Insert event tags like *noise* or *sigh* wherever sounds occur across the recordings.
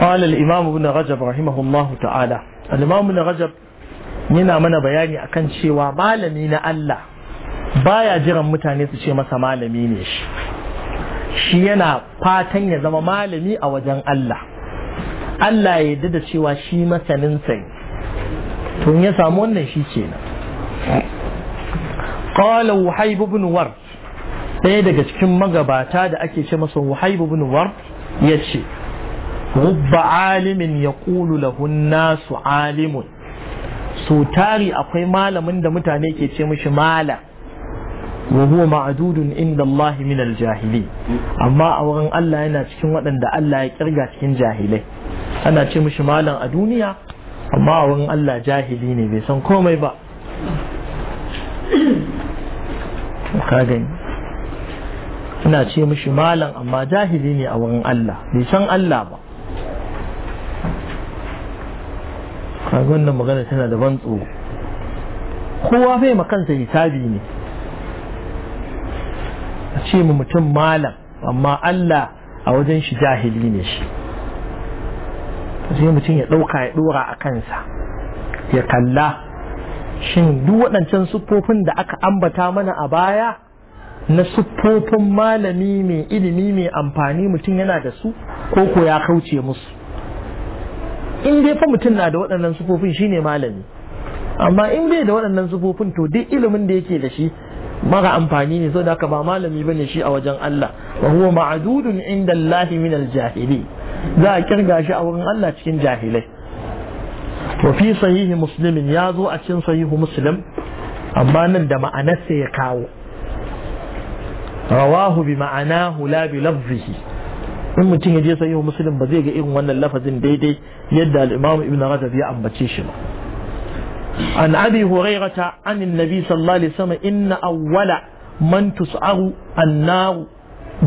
قال الإمام ابن رجب رحمه الله تعالى الإمام ابن رجب yana mana bayani akan cewa malami na Allah baya jiran mutane su ce masa malami ne shi shi yana fatan ya zama malami a wajen Allah Allah ya yarda da cewa shi masanin sai to ya samu wannan shi kenan qala wahib ibn ward ɗaya daga cikin magabata da ake ce masa wahib ibn ward yace rubba alimin ya ƙulu lahun nasu alimun so tari akwai malamin da mutane ke ce mishi malam wa huwa ma'adudun inda Allah min aljahili amma a wurin Allah yana cikin waɗanda Allah ya kirga cikin jahilai ana ce mishi malam a duniya amma a wurin Allah jahili ne bai san komai ba ka gani ina ce mishi malam amma jahili ne a wurin Allah bai san Allah ba kaga wannan magana tana da ban tsoro kowa fai kansa hisabi ne a ce mu mutum malam amma Allah a wajen shi jahili ne shi sai mutum ya ɗauka ya ɗora a kansa ya kalla shin duk waɗancan siffofin da aka ambata mana a baya na siffofin malami mai ilimi mai amfani mutum yana da su ko ko ya kauce musu in dai fa mutum na da waɗannan sufofin shine malami amma in bai da waɗannan sufofin to duk ilimin da yake da shi mara amfani ne saboda haka ba malami bane shi a wajen Allah wa huwa ma'dudun inda Allah min al-jahili za a kirga shi a wurin Allah cikin jahilai wa fi sahihi ya zo a cikin sahihu muslim amma nan da ma'anarsa ya kawo rawahu bi ma'anahu la bi lafzihi in mutum ya je sahihu muslim ba zai ga irin wannan lafazin daidai yadda al-imam ibn rajab ya ambace shi ba an abi hurairata an annabi sallallahu alaihi wasallam inna awwala man tus'aru an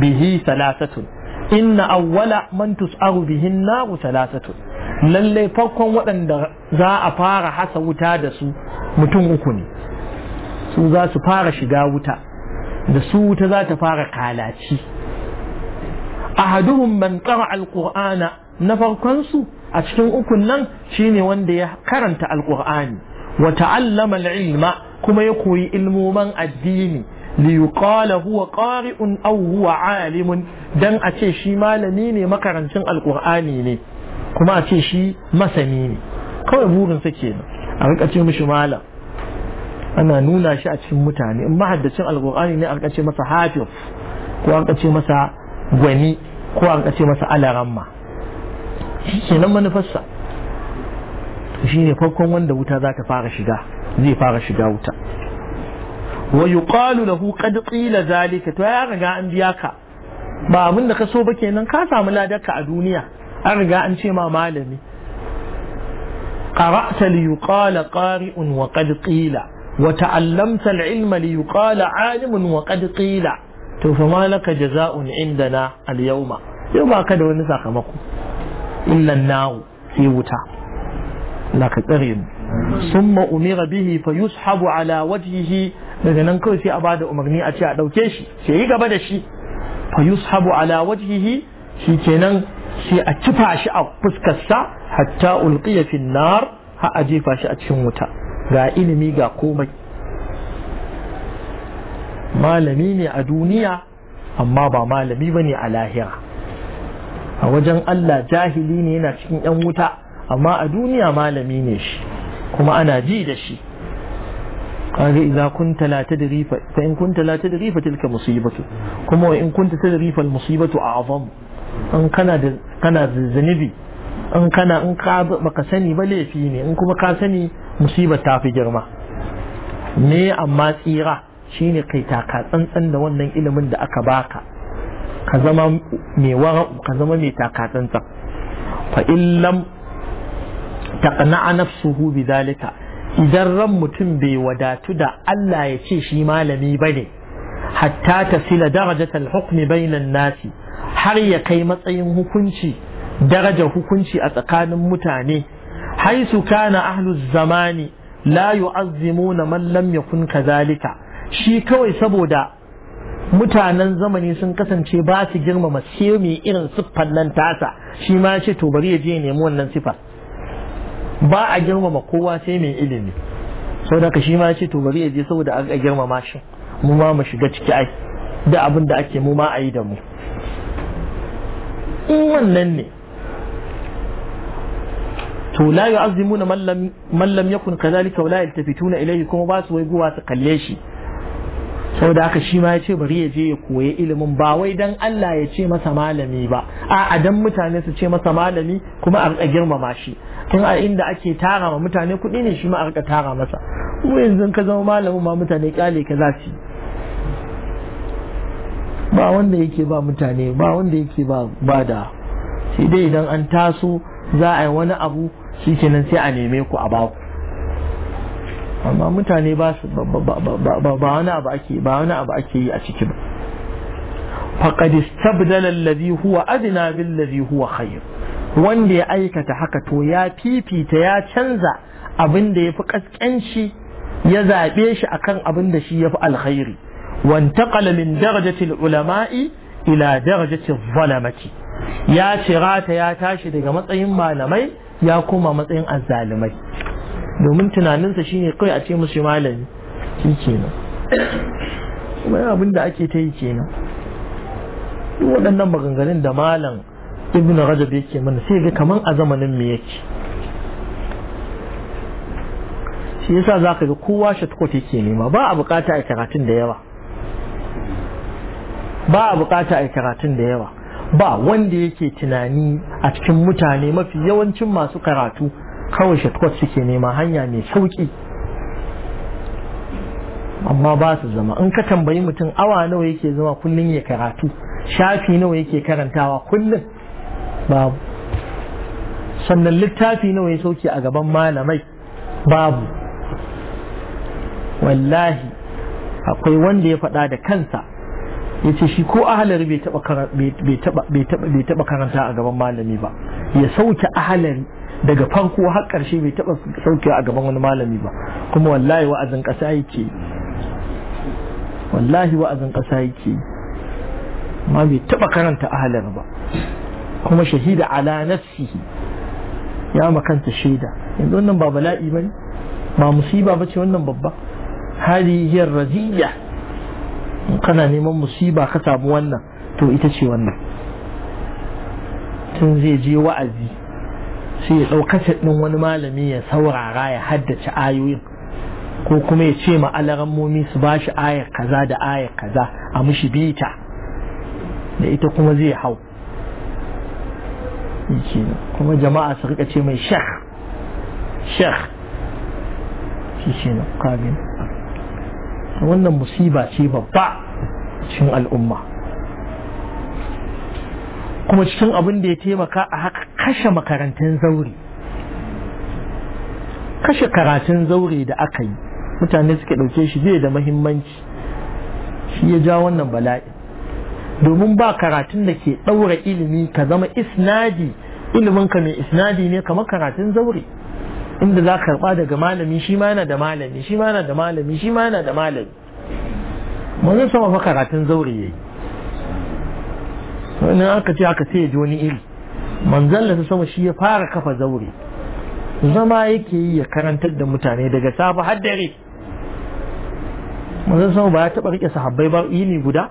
bihi thalathatun inna awwala man tus'aru bihi an-nar lalle farkon waɗanda za a fara hasa wuta da su mutum uku ne su za su fara shiga wuta da su wuta za ta fara kalaci ahaduhum man qara'a alqur'ana na farkon su a cikin ukun nan shine wanda ya karanta alqur'ani wa ta'allama alilma kuma ya koyi ilmoman addini li yuqala huwa qari'un aw huwa alimun dan a ce shi malami ne makarancin alqur'ani ne kuma a ce shi masani ne kawai burinsa kenan a rika ce mishi malam ana nuna shi a cikin mutane in mahaddacin alkur'ani ne a rika ce masa hafiz ko a ce masa gwani ko an kace masa alaramma shi kenan manufarsa to shi ne farkon wanda wuta za ta fara shiga zai fara shiga wuta wa yuqalu lahu qad qila zalika to ya riga an biya ka ba abin da ka so ba kenan ka samu ladarka a duniya an riga an ce ma malami قرأت ليقال قارئ وقد قيل وتعلمت العلم ليقال عالم وقد قيل to fa malaka jaza'un indana al-yawma yau ba ka da wani sakamako illa nahu sai wuta la ka tsare mu summa umira bihi fa yushabu ala wajhihi daga nan kawai sai a bada umarni a ce a dauke shi sai yi gaba da shi fa yushabu ala wajhihi shi kenan sai a kifa shi a fuskarsa hatta ulqiya fi nar ha a jefa shi a cikin wuta ga ilimi ga komai malami ne a duniya amma ba malami ba ne a lahira a wajen Allah jahili ne yana cikin 'yan wuta amma a duniya malami ne shi kuma ana ji da shi kaga idza kunta la tadri fa in kunta la tadri fa tilka musibatu kuma wa in kunta tadri fa musibatu a'zam in kana da kana zunubi in kana in ka baka sani ba laifi ne in kuma ka sani musiba ta fi girma Ne amma tsira shine kai taka tsantsan da wannan ilimin da aka baka ka zama mai wara ka zama mai taka tsantsan fa illam lam taqna'a nafsuhu bidhalika idan ran mutum bai wadatu da Allah ya ce shi malami bane hatta tasila darajatal hukmi bainan nasi har ya kai matsayin hukunci darajar hukunci a tsakanin mutane haisu kana ahlu zamani la yu'azzimuna man lam yakun kadhalika shi kawai saboda mutanen zamani sun kasance ba su girmama sai mai irin siffan nan tasa shi ma ce to bari ya je nemi wannan siffa ba a girmama kowa sai mai ilimi saboda ka shi ma ce to bari ya je saboda a girmama shi mu ma mu shiga ciki ai da abin da ake mu ma a yi da mu in wannan ne to la yu'azzimuna man Mallam man lam yakun kadhalika wa la yaltafituna ilayhi kuma ba su wai guwa su kalle shi saboda haka shi ma ya ce bari ya je ya koya ilimin ba wai dan Allah ya ce masa malami ba a dan mutane su ce masa malami kuma a rika girmama shi tun a inda ake tara ma mutane kuɗi ne shi ma a rika tara masa mu yanzu ka zama malamin ma mutane kyale ka za su ba wanda yake ba mutane ba wanda yake ba ba da sai dai idan an taso za a yi wani abu kenan sai a neme ku a baku amma mutane ba su ba wani abu ake yi a ciki ba faqad istabdala alladhi huwa adna bil wanda ya aikata haka to ya fifita ya canza abin da yafi kaskanci ya zaɓe shi akan abin da shi yafi alkhairi wantaqala min darajati ulama'i ila darajati zalamati ya shirata ya tashi daga matsayin malamai ya kuma matsayin azzalimai domin tunaninsa shine kawai a ce musu malami shi kenan wani abin da ake ta yi kenan waɗannan maganganun da malam ibn rajab yake mana sai ga kamar a zamanin me yake shi yasa za ka ga kowa shatkot yake nema ba a bukata a karatun da yawa ba a bukata a karatun da yawa ba wanda yake tunani a cikin mutane mafi yawancin masu karatu kawai shortcut suke nema hanya mai sauki amma ba su zama in ka tambayi mutum awa nawa yake zama kullum ya karatu shafi nawa yake karantawa kullum babu sannan littafi nawa ya sauke a gaban malamai babu wallahi akwai wanda ya faɗa da kansa ya ce shi ko ahalari bai taɓa karanta a gaban malami ba ya sauke ahalari daga farko har karshe bai taɓa saukewa a gaban wani malami ba kuma wallahi wa'azin ƙasa yake wallahi wa'azin ƙasa yake ma bai taɓa karanta ahalar ba kuma shahida ala nafsihi ya makanta shaida yanzu wannan ba bala'i bane ba musiba ce wannan babba hali hadihiyar raziya kana neman musiba ka samu wannan to ita ce wannan tun zai je wa'azi sai ya ɗaukace ɗin wani malami ya saurara ya haddace ayoyin ko kuma ya ce ma'alaran momi su ba shi ayar kaza da ayar kaza a mushi bita da ita kuma zai hau kuma jama'a su rika ce mai shek shek shi na wannan musiba ce babba cikin al'umma kuma cikin abin da ya taimaka a haka kashe makarantun zaure kashe karatun zaure da aka yi mutane suke ɗauke shi zai da mahimmanci shi ya ja wannan bala'i domin ba karatun da ke ɗaura ilimi ka zama isnadi ka mai isnadi ne kamar karatun zaure inda za karɓa daga malami shi ma yana da malami shi ma yana da malami shi ma yana da malami manzon sama fa karatun zaure yayi wannan aka ce aka sai ya ji wani iri manzalla ta sama shi ya fara kafa zaure zama yake yi ya karantar da mutane daga safa har dare manzon sama ba ya taɓa rike sahabbai ba yini guda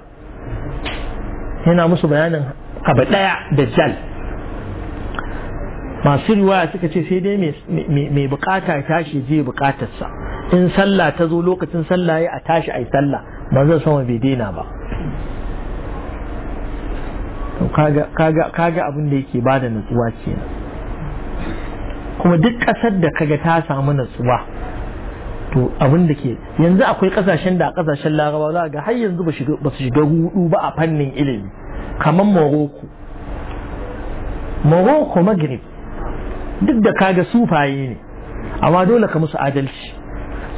yana musu bayanin abu ɗaya da jal masu riwaya suka ce sai dai mai bukata ya tashi je bukatarsa in sallah ta zo lokacin sallah ya a tashi a yi sallah manzon sama bai daina ba kaga abin da yake bada natsuwa ce kuma duk ƙasar da kaga ta samu natsuwa to abin da ke yanzu akwai ƙasashen da a ƙasashen larabawa za ga har yanzu ba su shiga hudu ba a fannin ilimi kamar morocco morocco maghrib duk da kaga sufaye ne amma dole ka musu adalci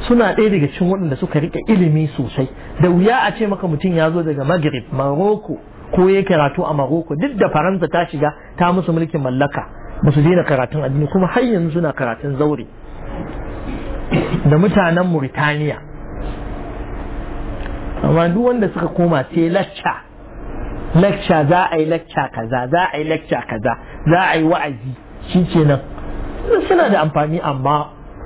suna ɗaya daga cikin waɗanda suka riƙe ilimi sosai da wuya a ce maka mutum ya zo daga maghrib morocco ko ya karatu a Maroko duk da Faransa ta shiga ta musu mulkin mallaka ba su daina karatun addini kuma har yanzu suna karatun zaure da mutanen Mauritania amma duk wanda suka koma sai lacca lacca za a yi lacca kaza za a yi lacca kaza za a yi wa'azi shi nan. suna da amfani amma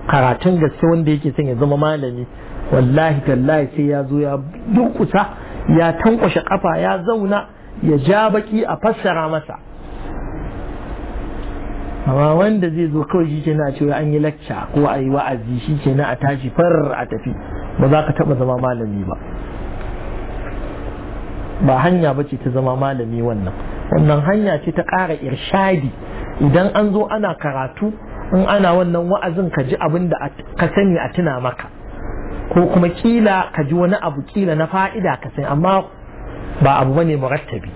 karatun gaske wanda yake son ya zama malami wallahi tallahi sai ya zo ya durkusa ya tankwashe kafa ya zauna ya ja baki a fassara masa amma wanda zai zo kawai shi kenan a cewa an yi lacca ko a yi wa'azi shi kenan a tashi far a tafi ba za ka taba zama malami ba ba hanya ba ce ta zama malami wannan wannan hanya ce ta ƙara irshadi idan an zo ana karatu in ana wannan wa'azin ka ji abin da ka sani a tuna maka ko kuma kila ka ji wani abu kila na fa'ida ka sani amma ba abu bane murattabi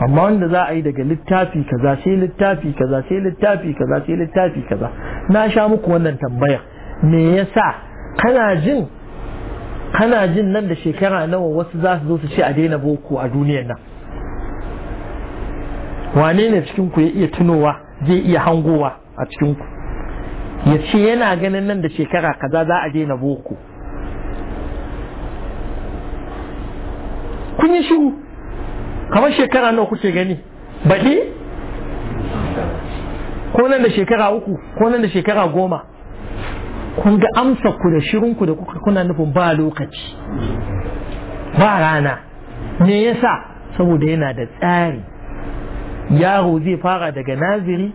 amma wanda za a yi daga littafi kaza sai littafi kaza sai littafi kaza sai littafi kaza na sha muku wannan tambaya me yasa kana jin kana jin nan da shekara nawa wasu za su zo su ce a daina boko a duniyar nan wane ne cikin ku ya iya tunowa zai iya hangowa a cikin ku ya ce yana ganin nan da shekara kaza za a daina boko kun yi shiru kamar shekara nawa kuke gani baɗi ko nan da shekara uku ko nan da shekara goma kun ga amsa ku da shirin ku da kuka kuna nufin ba lokaci ba rana me yasa saboda yana da tsari yaro zai fara daga naziri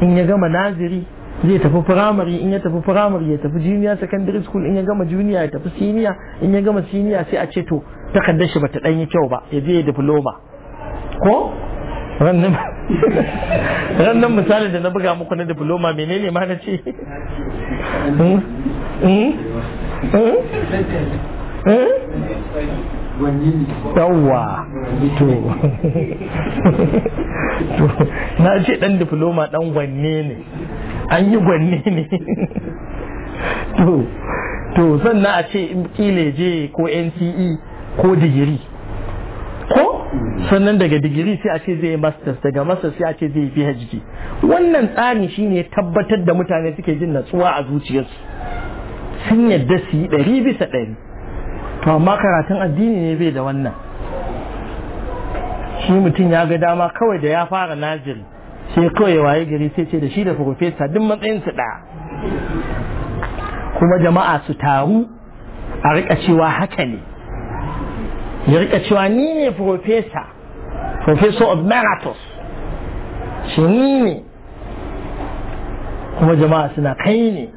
in ya gama naziri zai tafi firamare in ya tafi firamare ya tafi junior secondary school in ya gama junior ya tafi senior in ya gama senior sai a ce to takardar shi bata danyi kyau ba ya je diploma ko *laughs* rannan misalin da na buga muku na diploma menene ma na ce hmm? Hmm? Hmm? yawwa *laughs* to na ce dan diploma dan gwanne ne an yi gwanne ne *laughs* to sannan a ce kile je ko nce ko digiri ko sannan daga digiri sai a ce zai masters daga masters sai a ce zai yi phd wannan tsari ne tabbatar da mutane suke jin natsuwa a zuciyarsu sun yadda su yi ɗari bisa ɗari to amma karatun addini ne bai da wannan shi mutum ya ga dama kawai da ya fara najiri sai kawai ya waye gari sai ce da shi da farfesa duk matsayinsu ɗaya kuma jama'a su taru a rika cewa haka ne ya cewa ni ne professor professor of meritus shi ni ne kuma jama'a suna kai ne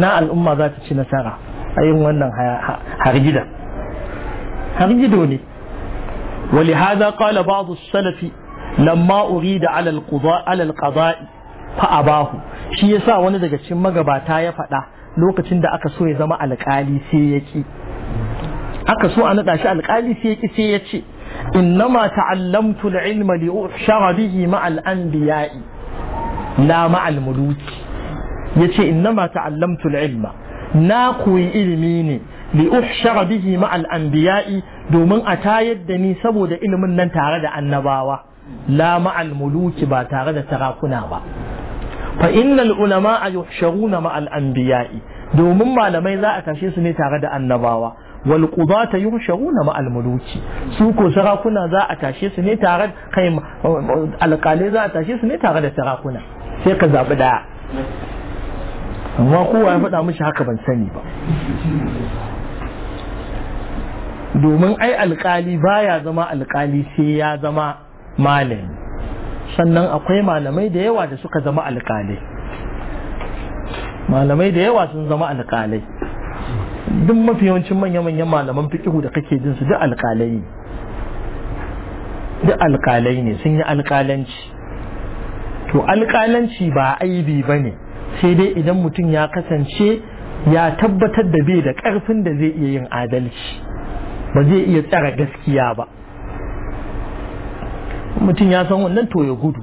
na al'umma zata ci nasara a yin wannan hargida hargido ne ولهذا قال بعض السلف لما أريد على القضاء على القضاء فأباه shi yasa wani daga cikin magabata ya faɗa lokacin da aka so ya zama alƙali sai ya ki aka so a naɗa shi alƙali sai ya ƙi sai ya ce innama ta'allamtu al-ilma li ushara bihi ma'al anbiya'i la ma'al muluki yace innama ta'allamtu al-ilma na koyi ilimi ne li ushara bihi ma'al anbiya'i domin a tayar da ni saboda ilimin nan tare da annabawa la ma'al muluki ba tare da sarakuna ba fa innal ulama yuhsharuna ma'al anbiya'i domin malamai za a tashe su ne tare da annabawa wal qudata yuhsharuna ma al muluki su ko sarakuna za a tashe su ne tare kai alƙalai za a tashe su ne tare da sarakuna sai ka zabi ɗaya amma kowa ya faɗa mishi haka ban sani ba domin ai alƙali baya zama alƙali sai ya zama malami sannan akwai malamai da yawa da suka zama alƙalai malamai da yawa sun zama alƙalai duk mafi yawancin manya-manyan malaman fikihu da kake jin su duk alƙalai ne duk alƙalai ne sun yi alƙalanci to alƙalanci ba aibi ba ne sai dai idan mutum ya kasance ya tabbatar da bai da karfin da zai iya yin adalci ba zai iya tsara gaskiya ba mutum ya san wannan to ya gudu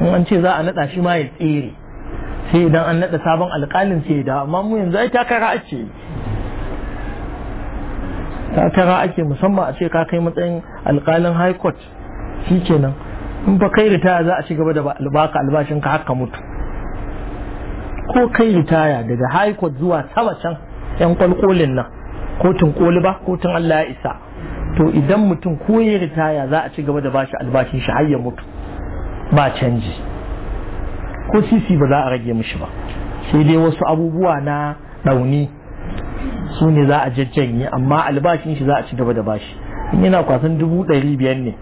in an ce za a naɗa shi ma ya tsere sai idan an naɗa sabon alƙalin sai da amma mu yanzu ai takara ce. ta tara ake musamman a ce ka kai matsayin alkalin high court shi kenan in ba kai ritaya za a ci gaba da baka albashin ka haka mutu ko kai ritaya daga high court zuwa sama can yan kwalkolin nan kotun koli ba kotun Allah ya isa to idan mutum ko ya ritaya za a ci gaba da bashi albashin shi har ya mutu ba canji ko sisi ba za a rage mishi ba sai dai wasu abubuwa na ɗauni su ne za a jajjanye amma albashin shi za a ci gaba da bashi in yana kwasan dubu ɗari biyar ne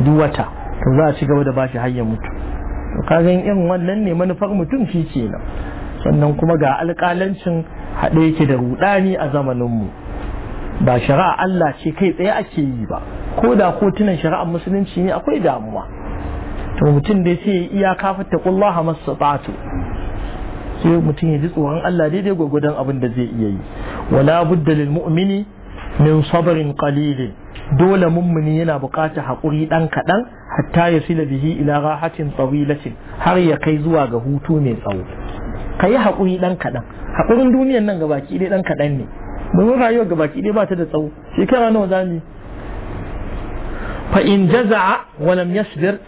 duk wata to za a ci gaba da bashi hanyar ya mutu to kagan irin wannan ne manufar mutum shi kenan sannan kuma ga alƙalancin haɗe yake da ruɗani a zamaninmu ba shari'a Allah ce kai tsaye ake yi ba ko da kotunan shari'ar musulunci ne akwai damuwa to mutum dai sai ya iya kafatta kullaha masu sai mutum ya ji tsoron Allah daidai gwagwadon abin da zai iya yi wala budda lil mu'mini min sabrin qalilin dole mummuni yana buƙatar haƙuri ɗan kaɗan hatta ya sila bihi ila rahatin tsawilatin har ya kai zuwa ga hutu mai tsawo ka yi haƙuri ɗan kaɗan haƙurin duniyan nan gabaki ɗaya ɗan kaɗan ne domin rayuwar gabaki ɗaya ba ta da tsawo shekara nawa za fa in jaza'a wa lam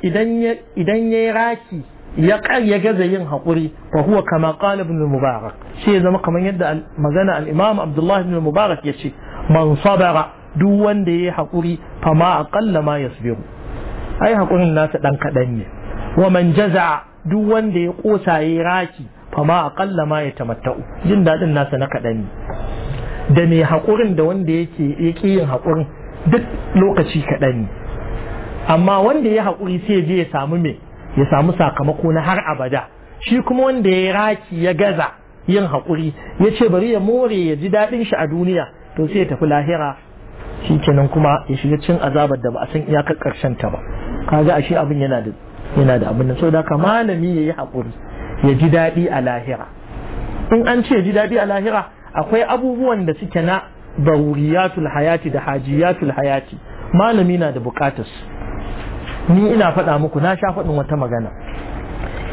idan ya idan yayi raki ya ya gaza yin haƙuri fa huwa kama qala ibn mubarak sai ya zama kamar yadda magana al-imam abdullah ibn mubarak ya ce man sabara duk wanda ya haƙuri fa ma aqalla ma yasbiru ai haƙurin nasa dan kadan ne wa man jaza duk wanda ya kosa yayi raki fa ma aqalla ma yatamatta'u jin dadin nasa na kadan ne da mai haƙurin da wanda yake yake yin haƙurin duk lokaci kadan ne amma wanda ya haƙuri sai je ya samu me ya samu sakamako na har abada shi kuma wanda ya raki ya gaza yin haƙuri ya ce bari ya more ya ji daɗin shi a duniya to sai ya tafi lahira shi kenan kuma ya shiga cin azabar da ba a san iyakar ƙarshen ta ba kaga ashe abin yana da yana da abin nan saboda ka malami ya yi haƙuri ya ji daɗi a lahira in an ce ji daɗi a lahira akwai abubuwan da suke na daruriyatul hayati da hajiyatul hayati malami na da bukatarsu ni ina faɗa muku na sha faɗin wata magana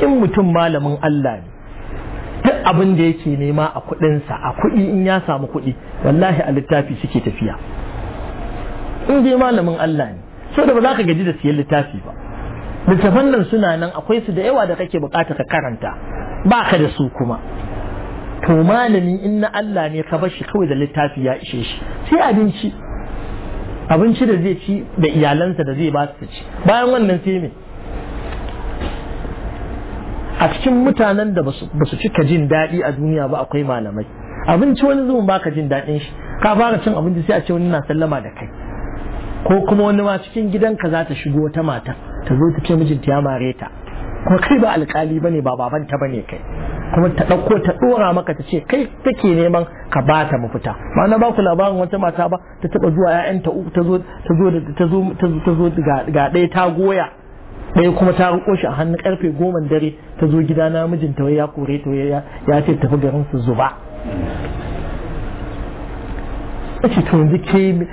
in mutum malamin Allah ne duk abin da yake nema a kuɗinsa a kuɗi in ya samu kuɗi wallahi a littafi suke tafiya in dai malamin Allah ne so da ba za ka gaji da siyan littafi ba littafan nan suna nan akwai su da yawa da kake bukata ka karanta ba ka da su kuma to malami in na Allah ne ka bar shi kawai da littafi ya ishe shi sai abinci abinci da zai ci da iyalansa da zai ba su ci bayan wannan sai me a cikin mutanen da ba su cika jin daɗi a duniya ba akwai malamai abinci wani zuwan baka jin daɗin shi ka fara cin abinci sai a ce wani na sallama da kai ko kuma wani ma cikin gidanka za ta shigo ta mata ta zo ta ce mijinta ya mare ta kuma kai ba alkali bane ba babanta bane kai kuma ta ɗauko ta ɗora maka ta ce kai take neman ka ba ta mafita ma'ana ba ku labarin wata mata ba ta taba zuwa 'ya'yanta uku ta zo ta ga ɗaya ta goya ɗaya kuma ta riko shi a hannun karfe goma dare ta zo gida na mijinta wai ya kore ta ya ya ce tafi garin su zuba ce to yanzu ke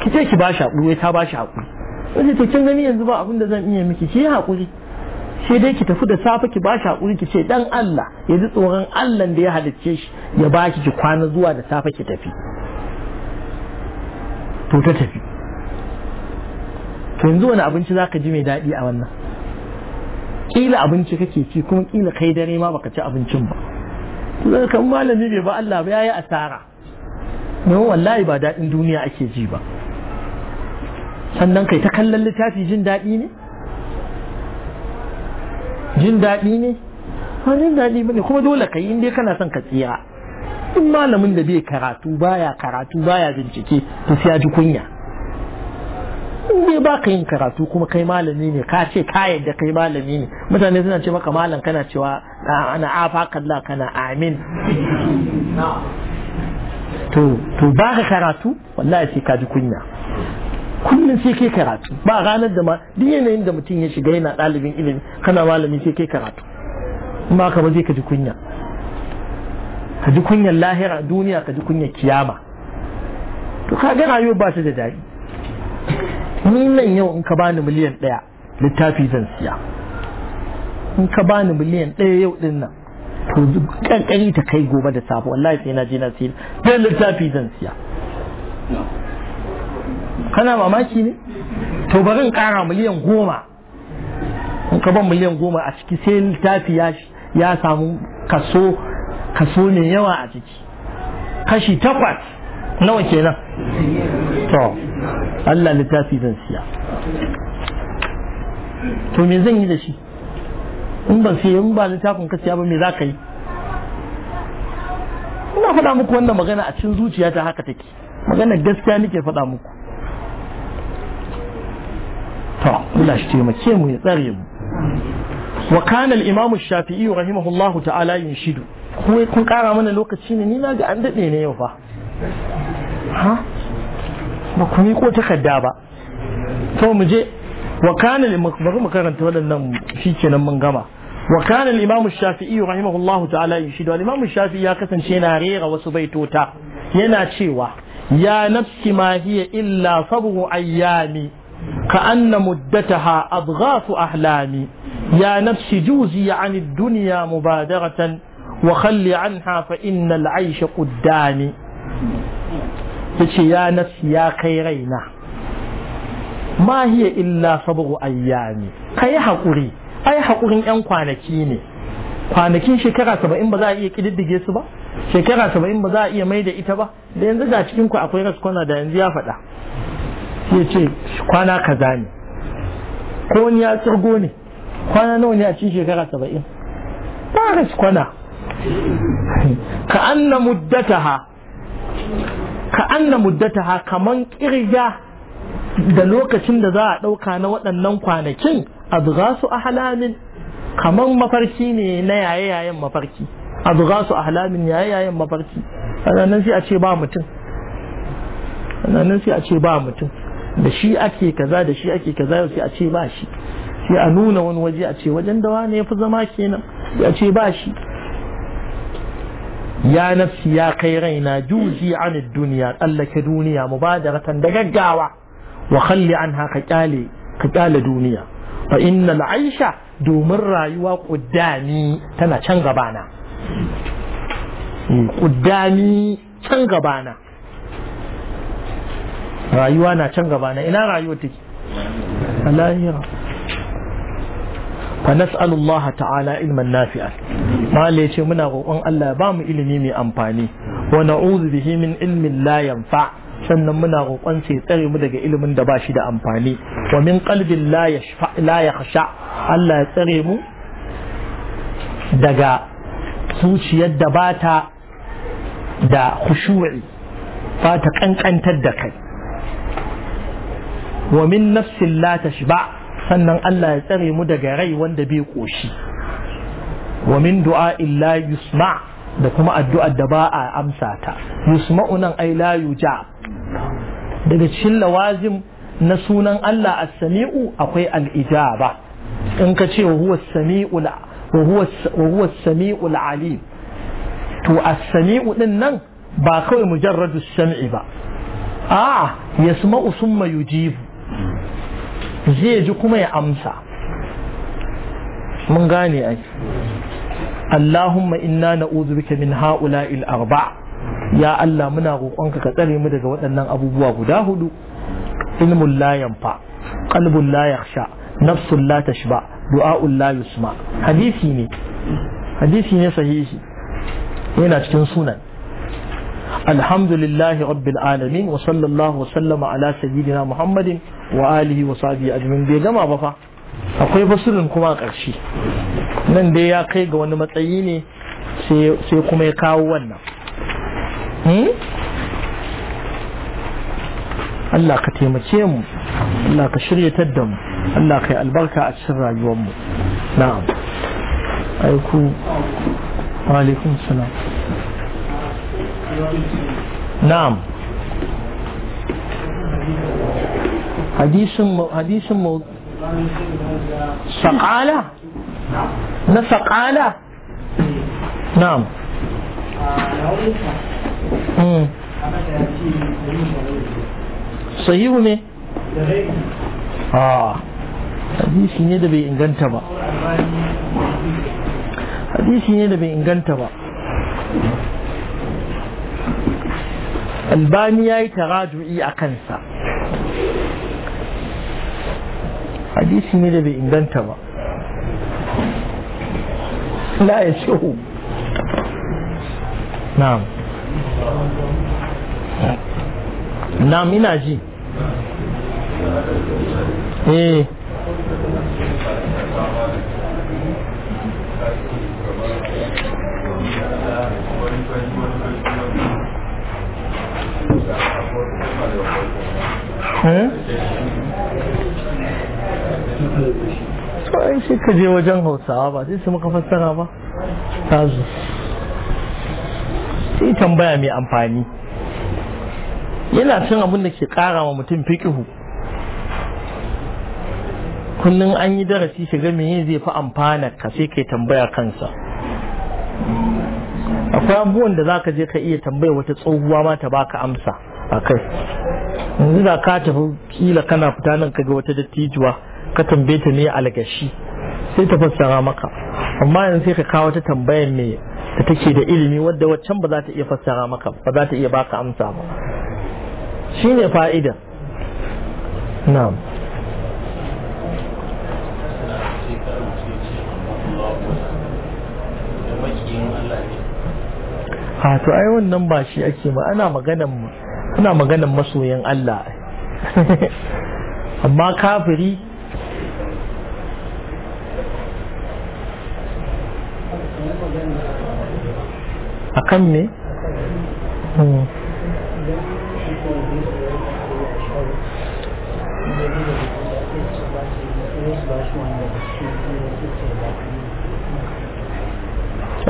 ki ce ki ba shi haƙuri ta ba shi haƙuri wace to kin gani yanzu ba abin da zan iya miki ki haƙuri sai dai ki tafi da safe ki bashi hakuri ki ce dan Allah ya ji tsoron Allah da ya halicce shi ya baki ki kwana zuwa da safe ki tafi to ta tafi to yanzu wani abinci zaka ji mai daɗi a wannan kila abinci kake ci kuma kila kai dare ma baka ci abincin ba zai kan malami bai ba Allah ba yayi asara don wallahi ba daɗin duniya ake ji ba sannan kai ta kallon littafi jin daɗi ne jin daɗi ne a jin daɗi ba ne kuma dole ka yi in dai kana son ka tsira in malamin da bai karatu baya karatu baya bincike to sai ji kunya in dai ba ka yin karatu kuma kai malami ne ka ce ka yadda kai malami ne mutane suna ce maka malam kana cewa ana afa kalla kana amin *laughs* to ba ka karatu wallahi sai ka ji kunya kullum sai kai karatu ba ranar da ma duk yanayin da mutum ya shiga yana ɗalibin ilimi kana malami sai kai karatu ba ka ba zai ka ji kunya ka ji kunyar lahira duniya ka ji kunyar kiyama to ka ga rayuwa ba ta da daɗi ni nan yau in ka bani miliyan ɗaya littafi zan siya in ka bani miliyan ɗaya yau ɗin nan to kankani ta kai gobe da safe wallahi sai na je na siya dan littafi zan siya kana mamaki ne to bari in kara miliyan goma in ka ban miliyan goma a ciki sai littafi ya samu kaso kaso mai yawa a ciki kashi takwas nawa kenan to Allah littafi zan siya to me zan yi da shi in ba sai in ba littafin ka siya ba me za ka yi ina faɗa muku wannan magana a cikin zuciya ta haka take maganar gaskiya nake faɗa muku Allah shi taimake mu ya tsare mu wa kana al-imam shafii rahimahullahu ta'ala yunshidu ko kun kara mana lokaci ne ni na ga an dade ne yau fa ha ba ku ko takarda ba to mu je wa kana bari mu karanta waɗannan shikenan mun gama wa kana al-imam shafii rahimahullahu ta'ala yunshidu al-imam shafii ya kasance yana rera wasu baitota yana cewa ya nafsi ma hiya illa sabu ayyami كأن مدتها أضغاث أحلامي يا نفس جوزي عن الدنيا مبادرة وخل عنها فإن العيش قدامي يا نفس يا خيرينا ما هي إلا صبغ أيامي كي حقوري أي حقوري أن كوانكيني kwanakin shekara saba'in ba za a iya ƙididdige su ba shekara saba'in ba za a iya mai da ita ba da yanzu da cikin ku akwai raskwana da yanzu ya faɗa ya ce kwana kaza ne ko wani ya tsirgo ne kwana nawa ne a cikin shekara saba'in ba ga kwana ka anna muddataha ka anna muddataha kaman kirga da lokacin da za a ɗauka na waɗannan kwanakin a su a halamin kaman mafarki ne na yaye-yayen mafarki adghasu ahlamin yaye-yayen mafarki sannan sai a ce ba mutum sannan sai a ce ba mutum da shi ake kaza da shi ake kaza yau sai a ce ba shi sai a nuna wani waje a ce wajen da wani ya fi zama kenan sai a ce ba shi ya nafsi ya kai raina juzi an duniya tsallake duniya mubadaratan da gaggawa wa khalli an haka kyale ka kyale duniya fa innal aisha domin rayuwa kuddami tana can gabana kuddami can gabana rayuwa na can gaba na ina rayuwa take lahira fa nas'alullaha ta'ala ilman nafi'a ya ce muna roƙon Allah ba mu ilimi mai amfani wa na'udhu bihi min ilmin la yanfa sannan muna roƙon sai tsare mu daga ilimin da ba shi da amfani wa min qalbin la yashfa la yakhsha Allah ya tsare mu daga zuciyar da bata da khushu'i ba ta kankantar da kai wa min nafsin la tashba sannan Allah ya tsare mu daga rai wanda bai koshi wa min du'a illa yusma da kuma addu'ar da ba a amsa ta yusma'u nan ai la yuja daga cikin lawazim na sunan Allah as-sami'u akwai al-ijaba in ka ce wa huwa as-sami'u wa huwa as-sami'u al-alim to as-sami'u din nan ba kawai mujarradu as-sam'i ba a'a yasma'u summa yujibu zai ji kuma ya amsa mun gane ai Allahumma inna na bika min ha'ula'il arba ya Allah muna roƙonka ka tsare mu daga waɗannan abubuwa guda hudu ilmun la yanfa qalbun la yakhsha nafsun la tashba du'a'un la yusma hadisi ne hadisi ne sahihi yana cikin sunan الحمد لله رب العالمين وصلى الله وسلم على سيدنا محمد وآله وصحبه أجمعين bai gama ba fa akwai fasirin kuma ƙarshe nan dai ya kai ga wani matsayi ne sai kuma ya kawo wannan hmm? Allah ka taimake mu Allah ka shiryatar da mu Allah ka yi albarka a cikin rayuwar mu na'am aiku wa alaikum na'am hadisin mu saƙala na saƙala na'am hmm. sahihu ne a hadisi ne da bai inganta ba hadisi ne da bai inganta ba albani ya yi taraju'i a kansa hadisi ne da bai inganta ba la ya shehu na'am na'am ina ji eh Eh? ai sai ka je wajen hausawa ba sai su maka fassara ba tazu sai tambaya mai amfani yana cin abin da ke kara wa mutum fiƙihu kullum an yi darasi shiga yin zai fi amfana ka sai kai tambaya kansa akwai abubuwan da za ka je ka iya tambaya wata tsohuwa ma ta baka amsa a kai yanzu da ka tafi kila kana fita nan ka ga wata dattijuwa ka tambaye ta ne algashi sai ta fassara maka amma yanzu sai ka kawo ta tambayar me da take da ilimi wadda waccan ba za ta iya fassara maka ba za ta iya baka amsa ba shine fa'ida na'am Allah ne a ai wannan ba shi ake ma ana maganan ana maganan masoyan Allah *laughs* amma kafiri akan me hmm.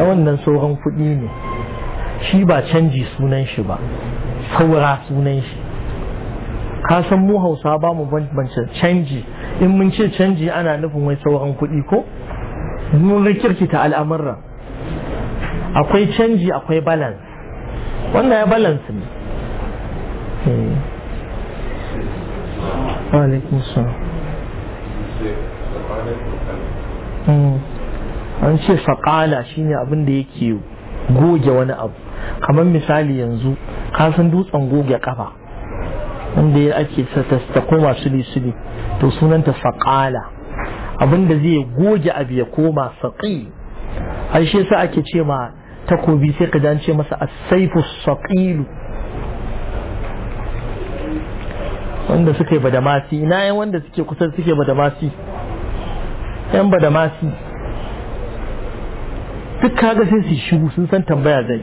wannan tsohon kudi ne shi ba canji sunan shi ba saura sunan shi ka san mu hausa ba mu bambance canji in mun ce canji ana nufin wai sauran kuɗi ko mun ta al'amuran akwai canji akwai balance wannan ya balance ne eh. hmm. an ce faƙala shine abin da yake goge wani abu kamar misali yanzu ka san dutsen goge kafa wanda ya ake ta koma suli suli to sunanta faƙala abinda zai goge abu ya koma saƙi ai shi sa ake ce ma takobi sai ka ce masa a saifu saƙilu wanda suke badamasi ina yan wanda suke kusa suke badamasi yan badamasi duk kaga sai su shigo sun san tambaya zai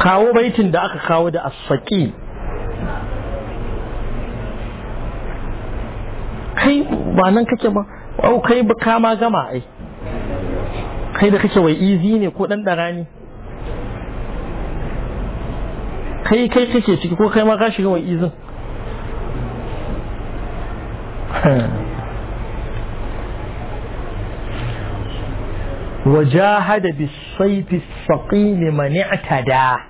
kawo baitin da aka kawo da asaki kai ba nan kake ba au kai ba kama gama ai kai da kake wai easy ne ko dan dara ne kai kai kake ciki ko kai ma ka shiga wai izin وجاهد بالصيف الثقيل من اعتدى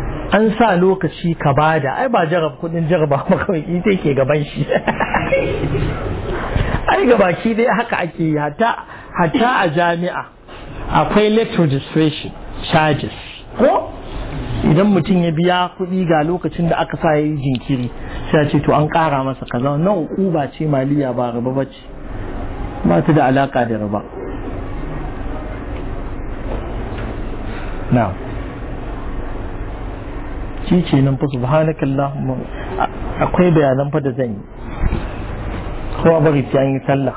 an sa lokaci ka bada ai ba jarab kudin jaraba makawai ita ke gaban shi *laughs* ai ga baki dai haka ake yi hatta a jami'a akwai late registration charges ko idan mutum ya biya kuɗi ga lokacin da aka sa ya yi jinkiri sai ce to an ƙara masa kaza nan ba ce maliya ba riba ba ce ba ta da alaƙa da riba shi ce nan fa subhanaka akwai bayanan fa da zan yi kowa bari ta yi sallah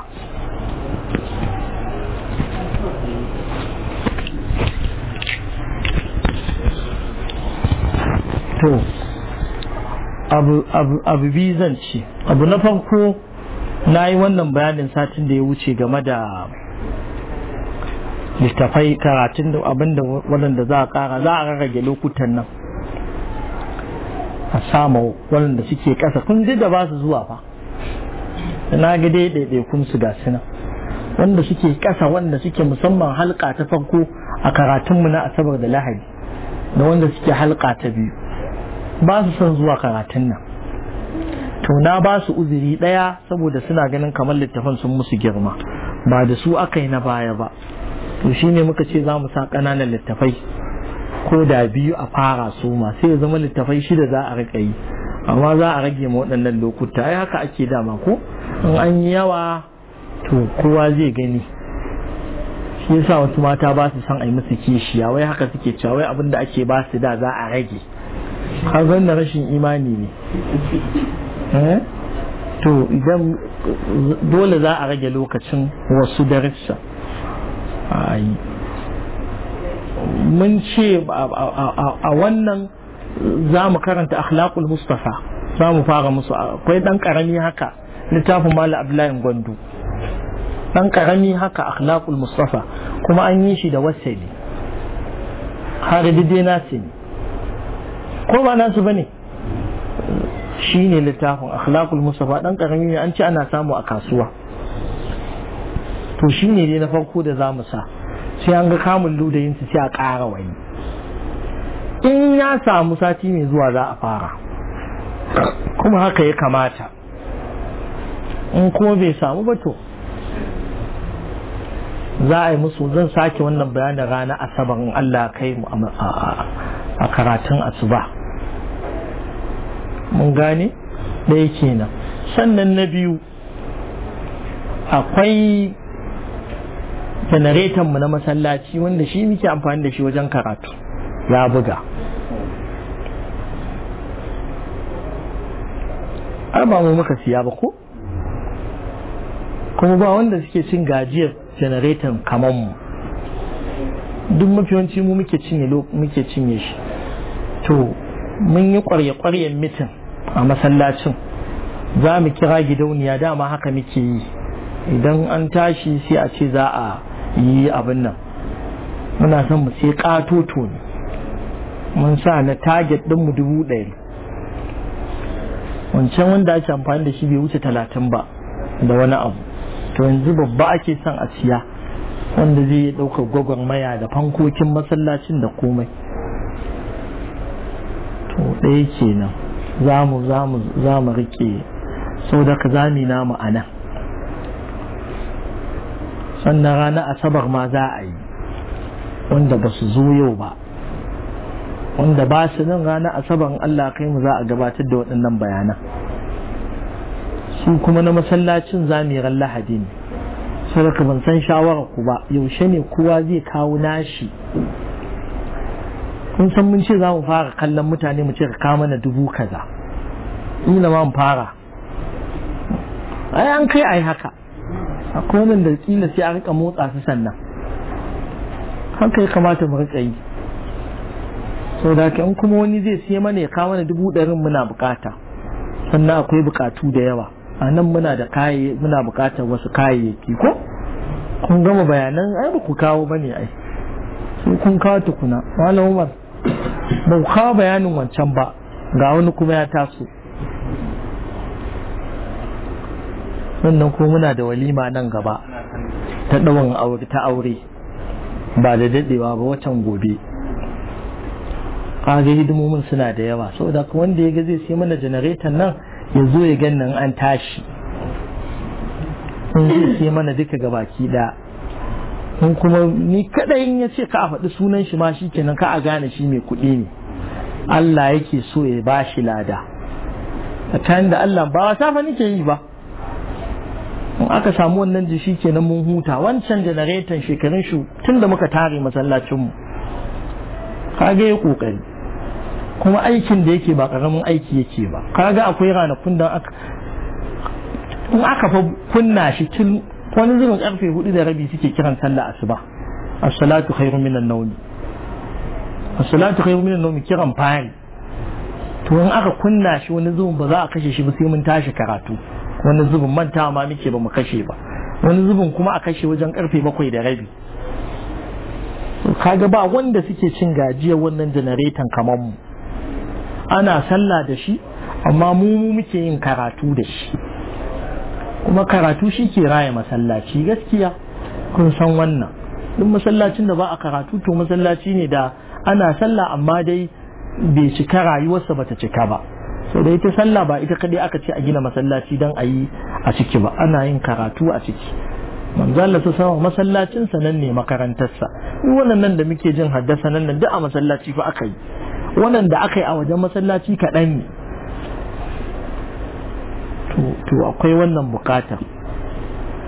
to abu biyu zan ci abu na farko na yi wannan bayanin satin da ya wuce game da littafai karatun da abin da waɗanda za a ƙara za a rarrage lokutan nan a samu waɗanda suke ƙasa kun duk da ba su zuwa fa na ga dai kun su ga suna wanda suke ƙasa wanda suke musamman halka ta farko a karatunmu na asabar da lahadi da wanda suke halka ta biyu ba su son zuwa karatun nan to na ba su uzuri ɗaya saboda suna ganin kamar littafin sun musu girma ba da su aka yi na baya ba to shine muka ce za mu sa ƙananan littafai ko da biyu a fara su ma sai ya zama littafai shida za a riƙa yi amma za a rage ma waɗannan lokuta ai haka ake dama ko in an yi yawa to kowa zai gani shi yasa wasu mata ba su san a yi musu kishiya wai haka suke cewa wai abin da ake ba su da za a rage har na rashin imani ne eh? to idan dole za a rage lokacin wasu darussa a mun ce a wannan za mu karanta akhlaqul mustafa za mu fara musu akwai dan karami haka littafin malam abdullahi gwandu dan karami haka akhlaqul mustafa kuma an yi shi da wasali har dai na ne ko ba nasu bane shine littafin akhlaqul mustafa dan karami ne an ce ana samu a kasuwa to shine dai na farko da za mu sa sai an ga kamun ludayin su sai a ƙara wani in ya samu sati mai zuwa za a fara kuma haka ya kamata in kuma bai samu ba to za a yi musu zan sake wannan bayanin rana asabar in Allah kai mu a karatun asuba mun gane ɗaya kenan sannan na biyu akwai janaretan mu na masallaci wanda shi muke amfani da shi wajen karatu ya buga ba mu muka siya ba ko kuma ba wanda suke cin gajiyar janaretan kamar mu duk mafiyanci mu muke cinye shi to mun yi kwarye-kwaryen mitin a masallacin za mu kira gidauniya dama haka muke yi idan an tashi sai a ce za a yi abin nan muna son mu sai katoto ne mun sa na target din mu dubu ɗari wancan wanda ake amfani da shi bai wuce talatin ba da wani abu to yanzu babba ake son a siya wanda zai yi ɗaukar maya da fankokin masallacin da komai to ɗaya kenan za mu za mu riƙe sau da ka zami namu a nan sannan rana asabar ma za a yi wanda ba su zo yau ba wanda ba su nan rana asabar Allah kai mu za a gabatar da waɗannan bayanan su kuma na masallacin zamiran lahadi ne sadaka ban san shawarar ku ba yaushe ne kowa zai kawo nashi kun san mun ce za mu fara kallon mutane mu ce ka kawo mana dubu kaza ina ma mu fara ai an kai ai haka akwai wannan da kila sai a rika motsa su sannan haka ya kamata mu rika yi sau da in kuma wani zai siya mana ya kawo na dubu ɗarin muna bukata sannan akwai bukatu da yawa a nan muna da kaye muna bukatar wasu kayayyaki ko kun gama bayanan ai ba ku kawo ba ne ai sai kun kawo tukuna malam umar ba ku kawo bayanin wancan ba ga wani kuma ya taso sannan ko muna da walima nan gaba ta ɗawan aure ta aure ba da daɗewa ba watan gobe ƙage hidimomin suna da yawa Sau da kuma wanda ya ga zai sai mana janareton nan ya zo ya gan nan an tashi in zai sai mana duka ga baki da in kuma ni kadai ya ce ka a faɗi sunan shi ma shi kenan ka a gane shi mai kuɗi ne Allah yake so ya ba shi lada a da Allah ba wasa fa nake yi ba in aka samu wannan jishi kenan mun huta wancan janaretan shekarun shi tun da muka tare masallacinmu kaga ya kokari kuma aikin da yake ba karamin aiki yake ba kaga akwai ranakun da aka in aka fa kunna shi tun wani zurin karfe hudu da rabi suke kiran sallah asuba as-salatu khairu minan nawm as-salatu khairu minan kiran fari to in aka kunna shi wani zuwan ba za a kashe shi ba sai mun tashi karatu wani zubin manta ma muke ba mu kashe ba wani zubin kuma a kashe wajen karfe bakwai da rabi kaga ba wanda suke cin gajiyar wannan janaretan kamar mu ana sallah da shi amma mu muke yin karatu da shi kuma karatu shi ke raya masallaci gaskiya kun san wannan duk masallacin da ba a karatu to masallaci ne da ana sallah amma dai bai cika rayuwarsa ba ta cika ba Sai da ita sallah ba ita kadai aka ce a gina masallaci don a yi a ciki ba ana yin karatu a ciki manzala su sama masallacin sa nan ne makarantarsa wannan nan da muke jin haddasa nan nan duk a masallaci fa aka yi wannan da aka yi a wajen masallaci kaɗan ne to akwai wannan bukata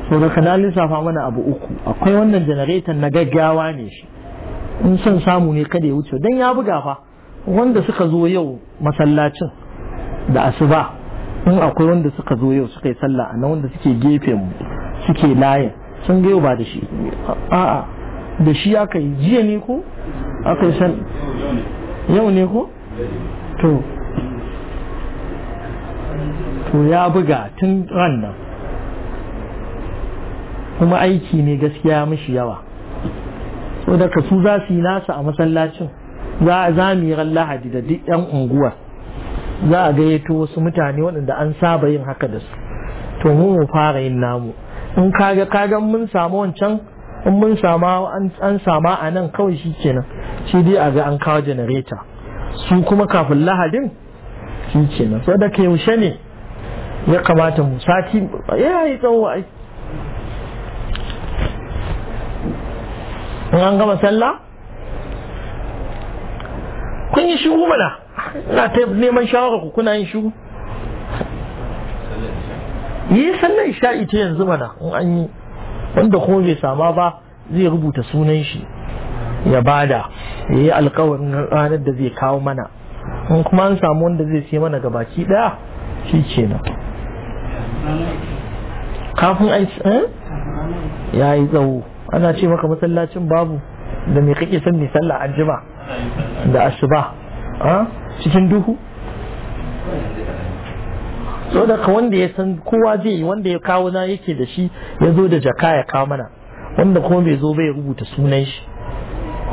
sau da kana lissafa mana abu uku akwai wannan janareton na gaggawa ne shi in son samu ne kada ya wuce don ya buga fa wanda suka zo yau masallacin da asuba in akwai wanda suka zo yau suka yi sallah a nan wanda suke gefe mu suke layin sun ga yau ba da shi a'a da shi aka yi jiya ne ko aka yi san yau ne ko to to ya buga tun ran nan kuma aiki ne gaskiya mishi yawa so daga su za su yi nasa a masallacin za mu yi ran lahadi da duk 'yan unguwar za a gayyato wasu mutane waɗanda an saba yin haka da su to mu mu fara yin namu in kaga kagan mun samu wancan in mun sama an sama a nan kawai shi kenan shi dai a ga an kawo janareta su kuma kafin lahadin shi kenan so da yaushe ne ya kamata mu sati ya yi tsawo ai in an gama sallah kun yi shi mana za ta neman shawara ku kuna yin shiru yi sallar isha'i ta yanzu mana in an yi wanda kuma bai sama ba zai rubuta sunan shi ya bada ya yi alkawarin ranar da zai kawo mana in kuma an samu wanda zai sai mana baki daya shi kenan kafin ai eh? ya yi tsawo ana ce maka masallacin babu da mai kake son ne sallah an da asuba ah? cikin duhu so da ka wanda ya san kowa zai yi wanda ya kawo na yake da shi ya zo da jaka ya kawo mana wanda kuma bai zo bai rubuta sunan shi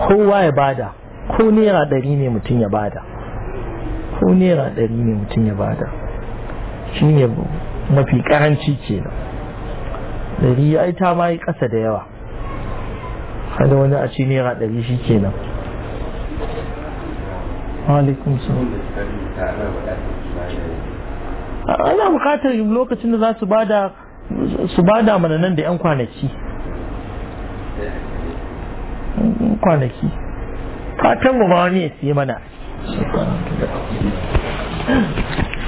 kowa ya bada ko naira ɗari ne mutum ya bada ko naira ɗari ne mutum ya bada shi ne mafi karanci kenan ɗari ya ita ma yi ƙasa da yawa kada wani a ci naira ɗari shi kenan alaikum ana bukatar lokacin da za su bada su bada mana nan da yan kwanaki kwanaki fatan mu ma wani ya siye mana